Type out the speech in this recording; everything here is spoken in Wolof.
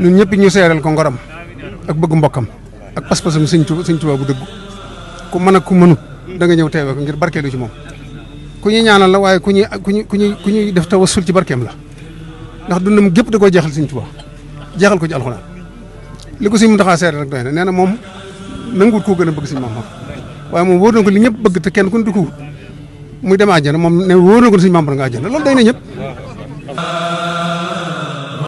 ñun ñëpp ñu seeral ko ngoram ak bëgg mbokkam ak pas-pasam sëñ Tuubaa sëñ Tuubaa bu dëgg ku mën ku mënut da nga ñëw teewee ko ngir barkeelu ci moom ku ñuy ñaanal la waaye ku ñuy ku ñuy ku ñuy ku ñuy def tawassul ci barkeem la ndax dundam gépp da koo jeexal sëñ Tuubaa jeexal ko ci alxuraan li ko sëñ Muntaxaa seeral rek doy na nee na moom nanguwut koo gën a bëgg sëñ Maam Mor waaye moom wóor na ko li ñëpp bëgg te kenn ku ne ko wut muy dem àjjana moom ne wóor na ko sëñ Maam Mor nga àjjana loolu ñëpp